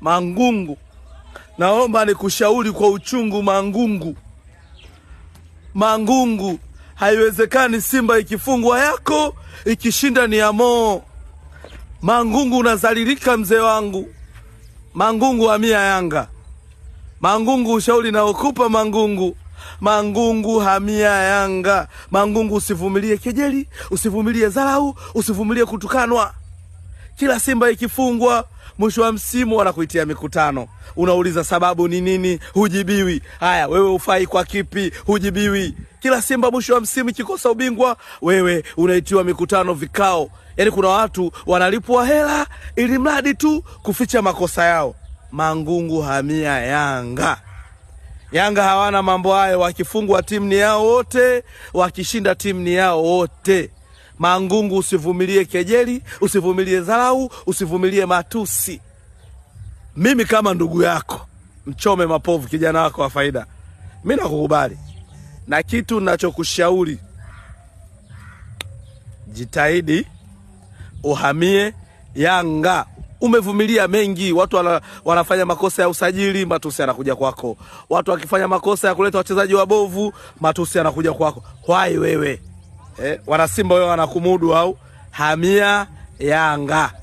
Mangungu, naomba nikushauri kwa uchungu. Mangungu, Mangungu, haiwezekani Simba ikifungwa yako, ikishinda ni yamoo. Mangungu, unazalilika mzee wangu. Mangungu, hamia Yanga. Mangungu, ushauri naokupa Mangungu. Mangungu hamia Yanga. Mangungu, usivumilie kejeli, usivumilie dharau, usivumilie kutukanwa. Kila Simba ikifungwa mwisho wa msimu wanakuitia mikutano, unauliza sababu ni nini, hujibiwi. Haya, wewe ufai kwa kipi? Hujibiwi. Kila Simba mwisho wa msimu ikikosa ubingwa, wewe unaitiwa mikutano, vikao. Yaani kuna watu wanalipwa hela ili mradi tu kuficha makosa yao. Mangungu hamia Yanga. Yanga hawana mambo hayo, wakifungwa timu ni yao wote, wakishinda timu ni yao wote. Mangungu, usivumilie kejeli, usivumilie dharau, usivumilie matusi. Mimi kama ndugu yako mchome mapovu kijana wako wa faida, mi nakukubali, na kitu nachokushauri jitahidi uhamie Yanga. Umevumilia mengi, watu wana, wanafanya makosa ya usajili, matusi yanakuja kwako. Watu wakifanya makosa ya kuleta wachezaji wabovu, matusi yanakuja kwako. Wai wewe eh, wanasimba wao wanakumudu au hamia Yanga.